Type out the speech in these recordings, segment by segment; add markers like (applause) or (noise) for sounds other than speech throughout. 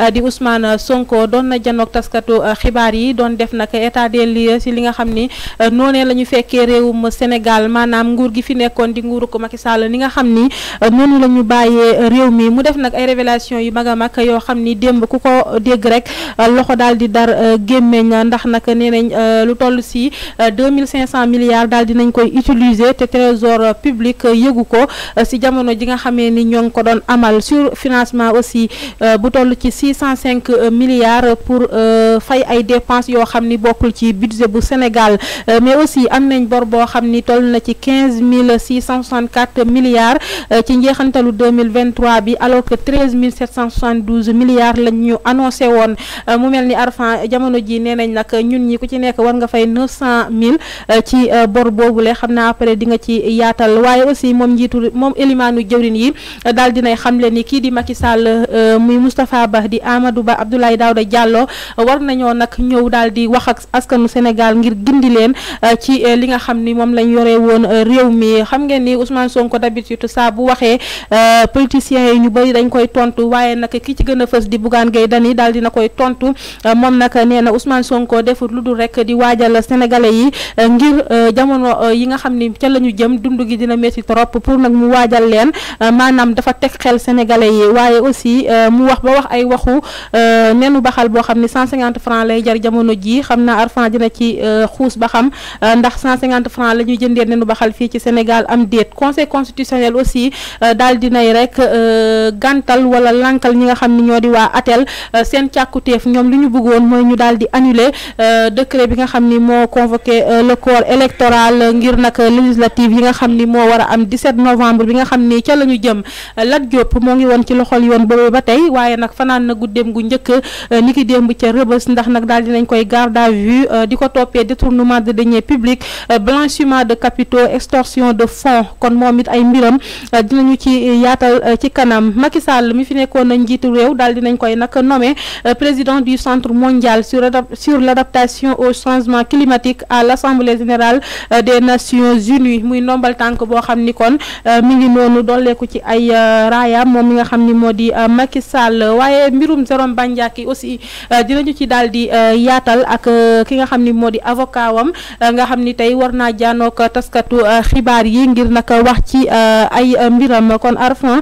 Euh, di Ousmane Sonko doon na janoog taskatu euh, xibaar yi doon def nag état des lieux si li nga xam ni euh, noonee la ñu fekkee réewum Sénégal maanaam nguur gi fi nekkoon di nguuru ko Macky Sall ni nga xam ni noonu la ñu bàyyee réew mi mu def nag ay révélation yu mag a mag yoo xam ni démb ku ko dégg rek loxo daal di dar gémmeñ ndax nag nee nañ lu toll si 2500 milliards daal nañ koy utiliser te trésor publique yëgu ko si jamono ji nga xamee ni ñoo ngi ko doon amal sur 605 euh, milliards pour euh, fay ay dépenses yo xamni bokul ci budget bu Sénégal euh, mais aussi am nañ bor bo xamni toll na ci quinze milliards ci njeexantalu 2023 bi alors que 13772 milliards lañ ñu annoncé woon mu melni Arfan jamono ji nenañ nak ñun ñi ku ci nekk war nga fay 900000 ci bor boobule le xamna après di nga ci yaatal waye aussi mom jitu mom élimaanu Diourine yi dal dinay xam le ni ki di Macky Sall muy Moustapha Ba di Amadou Ba Abdoulaye Daouda Diallo war nañoo nag ñëw daal di wax ak askanu Sénégal ngir gindi leen euh, ci euh, li nga xam ni moom lañ yore woon euh, réew mi xam ngeen ni Ousmane Sonko d'habitude saa bu waxee politiciens yi ñu bëri dañ koy tontu waaye nag ki ci gën a fës di Bougane Gueye Dany daal dina koy tontu moom nag nee na Ousmane Sonko defut lu dul rek di waajal sénégalais yi ngir jamono yi nga xam ni ca la ñu jëm dund gi dina métti trop pour nag mu waajal leen maanaam dafa teg xel sénégalais yi waaye aussi mu wax ba wax ay wax waxu euh, nenu baxal boo xam ne 150 francs lay jar jamono ji xam naa Arfan dina ci euh, xuus ba xam euh, ndax 150 francs la ñuy jëndee nenu baxal fii ci Sénégal am déet conseil constitutionnel aussi di nay rek gàntal wala lankal ñi nga xam ne ñoo di waa atel seen càkkutéef ñoom lu ñu bëggoon mooy ñu daal di annuler décret bi nga xam ni moo convoqué le corps électoral ngir nag législative yi nga xam ni moo war a am 17 novembre bi nga xam ni ca la ñu jëm Lat Diop moo ngi woon ci loxol yoon gu gu ñëk euh, ni ki démb ca ndax nag daal dinañ koy garde à vue euh, diko topé détournement de deniers publics euh, blanchiment de capitaux extorsion de fonds kon momit ay mbiram dinañu ci yaatal ci kanam Macky Sall mi fi nekkoon na njiitu réew daal dinañ koy nak nommé président du centre mondial sur l'adaptation au changement climatique à l'assemblée générale des nations unies muy nombal tank bo xamni kon mi ngi noonu dolleeku ci ay raya mom nga xamni modi Macky Sall waye mbirum Jérôme Bandiaky euh, ci daal di euh, yaatal ak euh, ki nga xam ni moo di avocat nga xam ni tey war naa jaanook taskatu xibaar yi ngir nag wax ci ay mbiram kon Arfan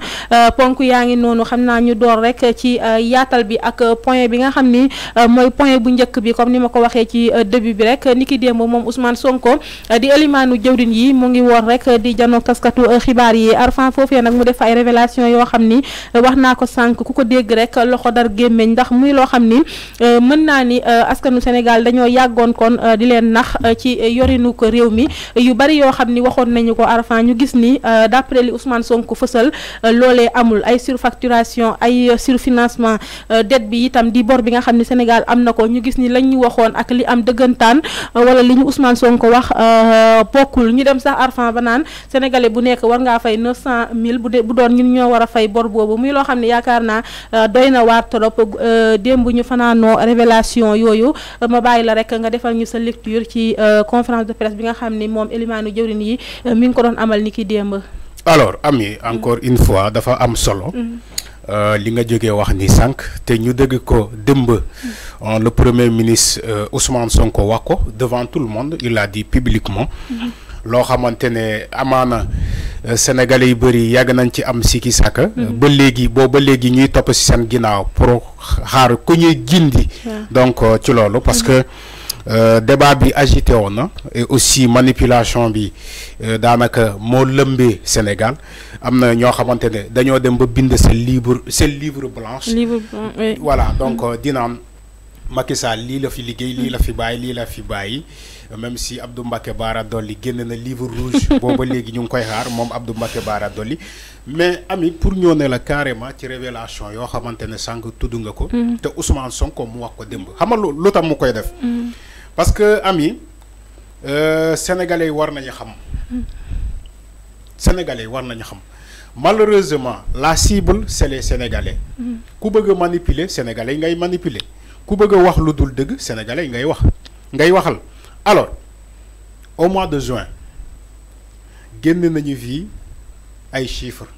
ponk yaa ngi noonu xam naa ñu door rek ci yaatal bi ak point bi nga xam ni mooy point bu njëkk bi comme ni ma ko waxee ci début bi rek niki démb moom Ousmane Sonko di élimaanu jëwriñ yi mu ngi woon rek di janook taskatu xibaar yi Arfan foofee nag mu def ay révélation yoo xam ni wax naa ko sànq ku ko dégg rek loxo dar gémmiñ ndax muy loo xam ni euh, mën naa ni euh, askanu Sénégal dañoo yàggoon kon euh, di leen nax ci yorinu ko réew mi yu bari yoo xam ni waxoon nañu ko Arfan ñu gis ni d'après li Ousmane Sonko fësal loole amul ay surfacturation ay surfinancement dette bi itam di bor bi nga xam ni Sénégal am na ko ñu gis ni lañ ñu waxoon ak li am dëggantaan wala li ñu Ousmane Sonko wax bokkul ñu dem sax Arfan ba naan sénégalais bu nekk war ngaa fay neuf cent mille bu doon ñun ñoo war a fay bor boobu trop Torop euh, dembu ñu fanano révélation yoyu ma bayila la rek nga defal ñu sa lecture ci euh, conférence de presse bi nga xamni mom moom Diourine yi euh, mi ngi ko don amal niki ki alors Ami encore une fois dafa am solo mm. li nga jógee wax ni sank te ñu dégg ko mm. le premier ministre Ousmane Sonko wako devant tout le monde il a dit publiquement mm-hmm. lo xamantene amana amana euh, sénégalais yu bëri yag nañ ci am siki Ils mhm. ba léegi bo ba léegi ñuy top ci ginaaw pour xaar ku ñuy gindi donc euh, ci lolu parce que mhm. euh, débat bi agité et aussi manipulation dans le Sénégal na dem ba bind livre ce livre blanche voilà donc mhm. Macky Sall lii la fi liggéey lii la fi bàyyi lii la fi bàyyi même si Abdou Mbacké Bara Dolly génn na livre rouge (laughs) booba léegi ñu ngi koy xaar moom Abdou Mbacké Bara Dolly mais ami pour ñoo ne la carrément ci révélation yoo xamante ne sànq tudd nga ko mm-hmm. te Ousmane Sonko mu wax ko démb xam nga lu mu koy def mm-hmm. parce que ami euh, sénégalais war nañu xam sénégalais war nañu xam malheureusement la cible c'est les sénégalais mm-hmm. ku bëgg a manipuler sénégalais ngay manipuler ku bëgg a wax lu dul dëgg sénégalais ngay wax ngay waxal alors au mois de juin génn nañu fii ay chiffres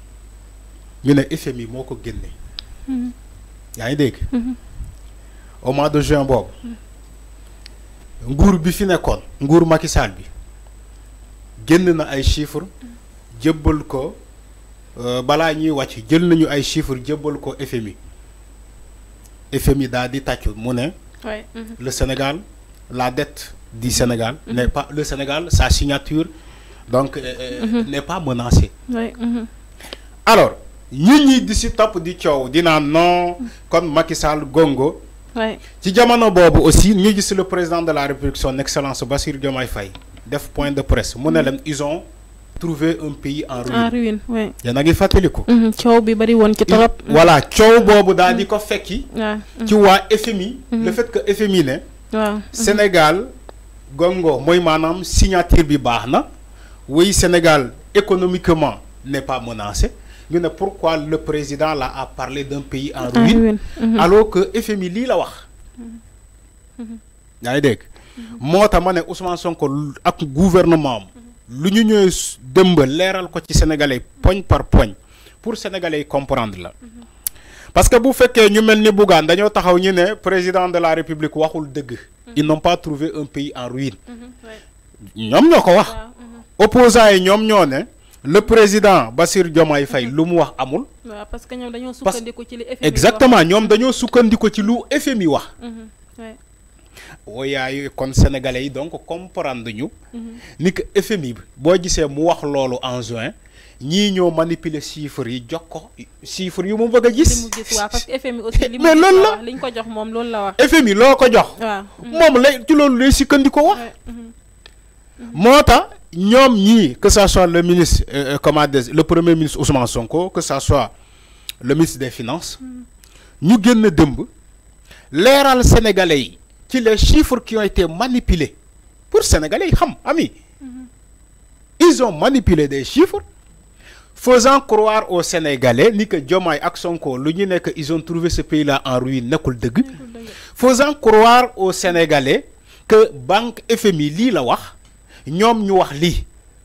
ñu ne FMI moo ko génne. Mm-hmm. yaa ngi dégg. Mm-hmm. au mois de juin boobu. Mm-hmm. nguur bi fi nekkoon nguur Macky bi génn na ay chiffres jébbal ko euh, balaa ñuy wàcc jël nañu ay chiffres jébbal ko FMI. le Sénégal la dette du Sénégal. Mhm. n'est pas le Sénégal sa signature donc euh, euh, mhm. n'est pas menacée. Mhm. alors ñi di di du non comme Macky Sall gongo. ci jamono aussi ni ici le président de la République son excellence Bassirou Diomaye Faye def point de presse ils ont trouver un pays en ruine. en ruine oui. a qui fàttaliku. Mhm, coow bi voilà coow boobu daal di Tu vois, Tu vois, FMI. le fait que FMI le mhm. Sénégal gongo mooy manam, signature bi oui Sénégal économiquement n'est pas menacé Mais pourquoi le président a parlé d'un pays en ruine. Mhm. alors que FMI c'est la wax. yaa ngi dégg. Ousmane Sonko gouvernement lu ñu ñëwee dëmb leeral ko ci sénégalais poñ par poñ pour sénégalais comprendre la mm-hmm. parce que bu fekkee ñu mel ni Bougane dañoo taxaw ñu ne président de la république waxul dëgg mm-hmm. ils n'ont pas trouvé un pays en ruine mm-hmm. ñoom ñoo ko wax opposants yi ñoom le président Bassirou Diomaye fay lu mu wax amul parce que ñoom dañoo sukkandiku ci li exactement ñoom dañoo sukkandiku ci lu FMI wax woyaayu comme sénégalais donc comprendre ñu. ni que FMI boo gisee mu wax loolu en juin. ñii ñoo manipuler chiffres yi jox ko chiffres yu mu bëgg a gis. Mais mu non. waaw parce que FMI aussi. li mu gis waaw li ñu ko jox moom loolu la wax. FMI loo ko jox. waaw mm-hmm. moom ci wax. Mm-hmm. Mm-hmm. que ça soit le ministre euh, euh, comment le premier ministre Ousmane Sonko que ça soit le ministre des finances. ñu génn dëmb leeral sénégalais les chiffres qui ont été manipulés pour sénégalais mhm. ils ont manipulé des chiffres faisant croire aux sénégalais ni que Diomaye ak ils ont trouvé ce pays là en ruine faisant croire aux sénégalais que banque FMI li la wax ñom ñu wax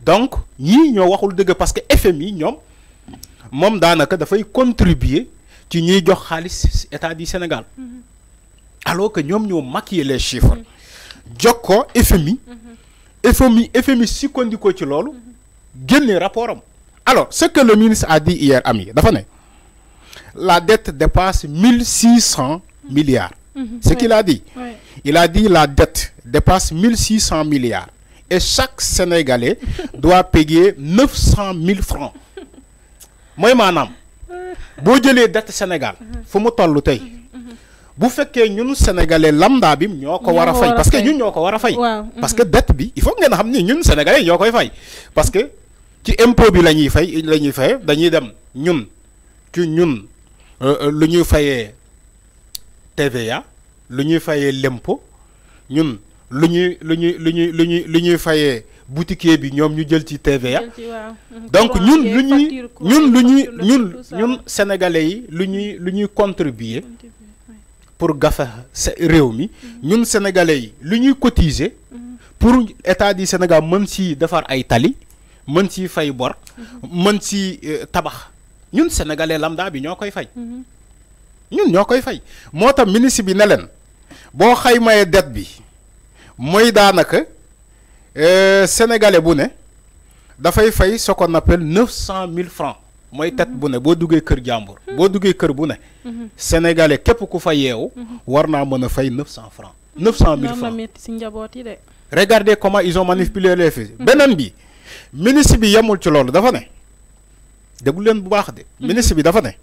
donc ñi ñoo waxul parce que FMI mom à da fay contribuer ci ñi jox xaliss état du Sénégal mhm alors que nous avons maquillé les chiffres Djoko FMI FMI FMI FMI Il ci loolu génne rapport alors ce que le ministre a dit hier ami dafa la dette dépasse 1600 milliards mhm. ce qu'il a dit il a dit la dette dépasse 1600 milliards et chaque Sénégalais (laughs) doit payer neuf cent mille francs mooy maanaam euh. boo la dette Sénégal mhm. fu mu toll mhm bu que nous sénégalais lambda bi nous ko fay parce que nous avons parce que mhm. dette bi il faut que nous xamni ñun sénégalais parce que ci impôt bi la fay la fay dañuy dem ñun ci TVA luñuy fayé l'impôt ñun luñuy luñuy TVA donc nous, nous, ñun sénégalais yi nous pour gafa réew nous, sénégalais nous lu pour l'état du Sénégal même si faisons ay tali même si fay bor même si euh, tabax ñun sénégalais lambda bi ñoo fay ñun ñoo fay ministre bi ne dette euh, sénégalais bu ce qu'on appelle 900 francs moy tat bu ne bo duggee kër jambour bo duggee kër bu ne. sénégalais képp ku fa yeewu. warna naa a fay 900 francs 900 neuf cent mille regardez comment ils ont manipulé les faits. benen bi ministre bi yamul ci lolu dafa ne déglu leen bu baax de. ministre bi dafa ne.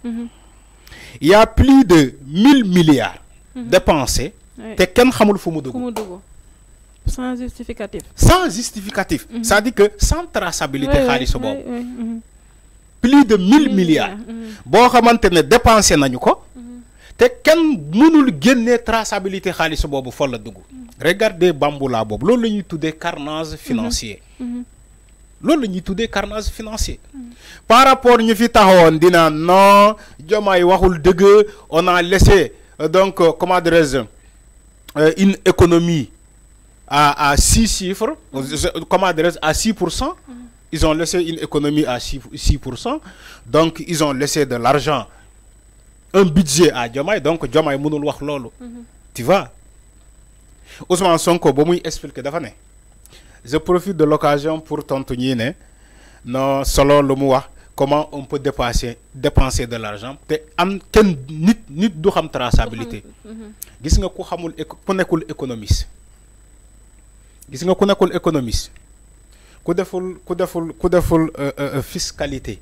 y a plus de 1000 milliards. dépensés té kenn xamul fu mu dugg. sans justificatif. sans justificatif. Mhm. ça dit que sans traçabilité à bob plus de mille milliards mm-hmm. bo xamantene ne nañu ko mm-hmm. té ken mënul génné traçabilité xaalis bobu fo la dugg mm-hmm. regardez bamboula bobu loolu lañuy tuddé carnage financier loolu lañuy tuddé carnage financier par rapport ñu fi taxawoon dina non jomay waxul deug on a laissé euh, donc euh, comment dire euh, une économie à à six chiffres comment dire à six pour cent ils ont laissé une économie à 6%, donc ils ont laissé de l'argent, un budget à Djamay, donc Diomaye mënul wax loolu. Mhm. Tu vois Ousmane Sonko ba je profite de l'occasion pour t'entendre non comment on peut dépenser de l'argent te am a nit nit du traçabilité mhm. Il nga ku xamul ku Il économiste a nga ku économiste ku deful ku deful euh, euh, euh, fiscalité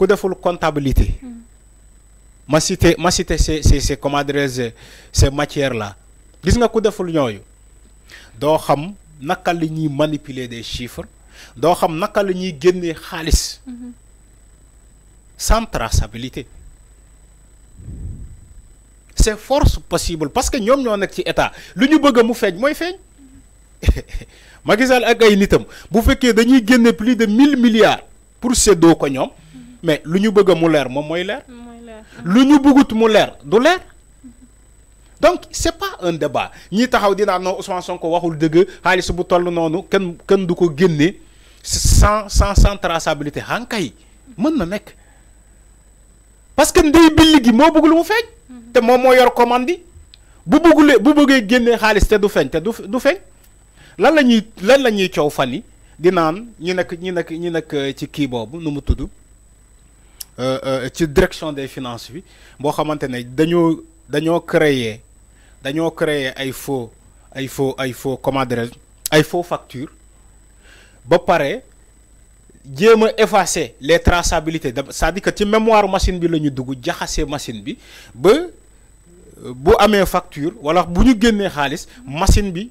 ku deful comptabilité hmm. ma cité ma cité ces ces ces comment ces matières là gis nga ku deful ñooyu doo xam naka li ñi manipuler des chiffres do xam naka li ñi génnee xaliss hmm. sans traçabilité c'est force possible parce que ñom ñoo nekk ci état lu ñu bëgg mu feeñ moy feeñ (laughs) Macky Sall ak ay nitam bu fekkee dañuy génne plus de 1000 milliards pour séddoo ko ñoom mais lu ñu bëgg mu leer moom mooy leer. lu ñu bëggut mu leer du leer. donc c'est pas un débat ñi taxaw di naan non Ousmane Sonko waxul dëgg xaalis bu toll noonu kenn kenn du ko génne sans sans sans traçabilité hankay ah, mën na nekk parce que ndey billi gi moo bëgg lu mu feeñ. Mm-hmm. te moom moo yor commande yi bu bëggulee bu bëggee génnee xaalis te du feeñ te du du feeñ lan la lan lañuy ciow coow di naan ñu nekk ñu nekk ñu nekk euh, ci kii boobu nu mu tudd euh, euh, ci direction des finances bi boo xamante ne dañoo dañoo créer dañoo créer ay faux ay faux ay faux comment dirais ay faux facture ba pare jéem a effacer les traçabilités ça à dire que ci mémoire machine bi la ñu dugg jaxase machine bi ba bu amee facture wala bu ñu génnee xaalis machine bi.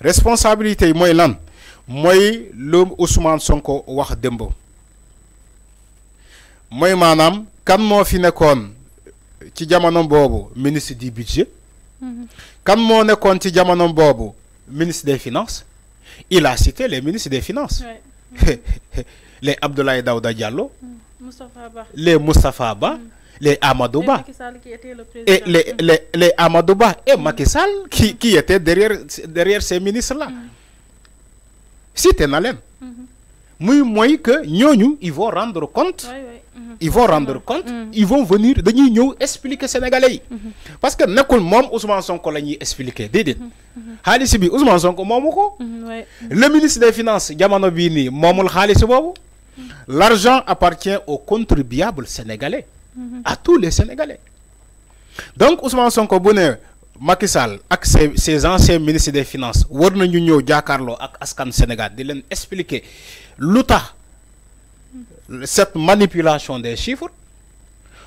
responsabilité moy mooy lan mooy le Ousmane Sonko wax dembo moy quand kan mo fi nekkoon ci jamono bobu ministre du budget mhm. kan mo nekkoon ci jamono bobu ministre des finances il a cité les ministres des finances (laughs) les Abdoulaye Daouda Diallo mm. les Moustapha Ba mm les Amadouba. Et les, Amadouba et qui, qui étaient derrière, derrière ces ministres-là. c'était un tu Moi, nalem. Mm-hmm. Moi, que nous, ils vont rendre compte. Oui, oui. Mm-hmm. Ils vont rendre mm-hmm. compte, ils vont venir dañuy expliquer sénégalais parce que nous mom Ousmane Sonko lañuy expliquer dédé nous bi Ousmane Sonko momuko le ministre des finances jamono bi ni momul xaliss bobu l'argent appartient aux contribuables sénégalais à tous les Sénégalais. Donc Ousmane Sonko Bouné, Macky Sall ses anciens ministres des finances war nañu ñëw askan Sénégal di leen expliquer lu cette manipulation des chiffres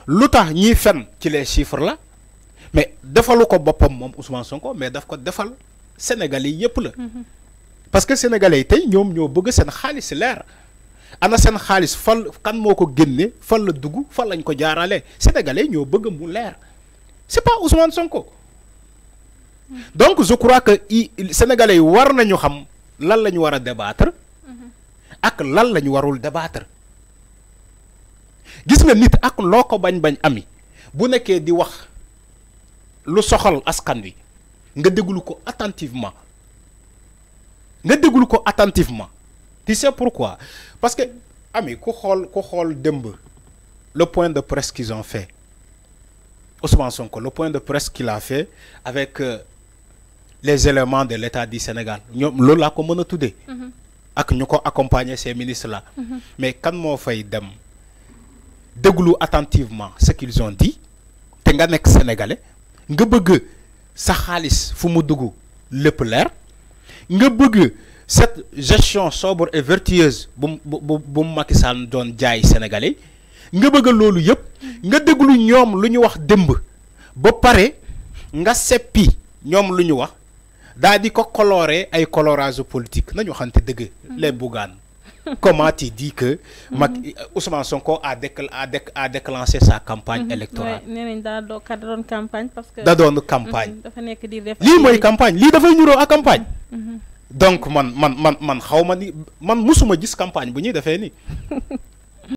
lu ni ñiy que ci les chiffres la mais defalu ko boppam Ousmane Sonko mais daf ko defal Sénégalais yépp la. Mm-hmm. parce que sénégalais tay ñom ñoo bëgg sen ana sen xaliss fan kan moko ko génne fan la duggu fan lañ ko jaaralé sénégalais ñoo bëgg mu lèr c'est pas Ousmane Sonko donc je crois que i sénégalais war nañu xam lan la wara débattre ak lan la warul débattre gis nga nit ak loko bañ-bañ ami bu nekké di wax lu soxal askan wi nga déglu ko attentivement nga déglu ko attentivement tu sais pourquoi parce que ami tu le point de presse qu'ils ont fait Ousmane Sonko le point de presse qu'il a fait avec euh, les éléments de l'État du Sénégal nous loolu laa ko mën a mm-hmm. ak ces ministres là mm-hmm. mais quand je fay dem attentivement ce qu'ils ont dit tu nga un sénégalais nga bëgg sa le fu mu cette gestion sobre et vertueuse bu bu Macky Sall doon jaay sénégalais nga bëgg lolu yëpp nga déglu lu ñu wax ba nga lu ñu wax di ko colorer ay politique nañu mm. les comment tu dis que mm. euh, Ousmane Sonko a déclenché sa campagne mm-hmm. électorale campagne parce da campagne mm-hmm, campagne donc man man man man xaw ma ni man musuma gis campagne bu ñuy defee nii (laughs)